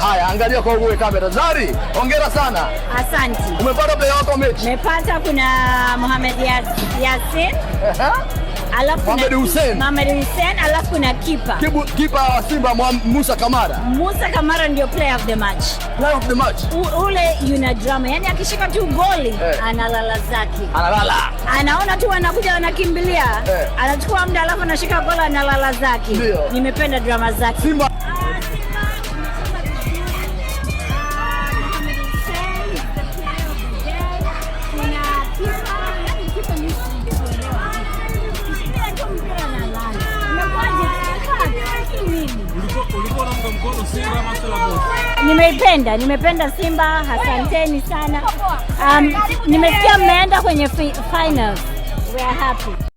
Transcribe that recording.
Haya, angalia kwa uwe kamera. Zari, hongera sana. Asante. Umepata player wako mechi? Mepata, kuna Mohamed Yasin alafu Mohamed Hussein, Mohamed Hussein alafu na kipa Kibu, kipa wa Simba Musa Kamara. Musa Kamara ndio player of the match. Player of the match. U, ule yuna drama. Yaani akishika tu goli eh, analala zake. Analala. Anaona tu wanakuja wanakimbilia. Eh. Anachukua muda alafu anashika goli analala zake. Nimependa drama zake. Simba Nimeipenda, nimependa Simba. Asanteni sana. Um, nimesikia mmeenda kwenye finals. We are happy.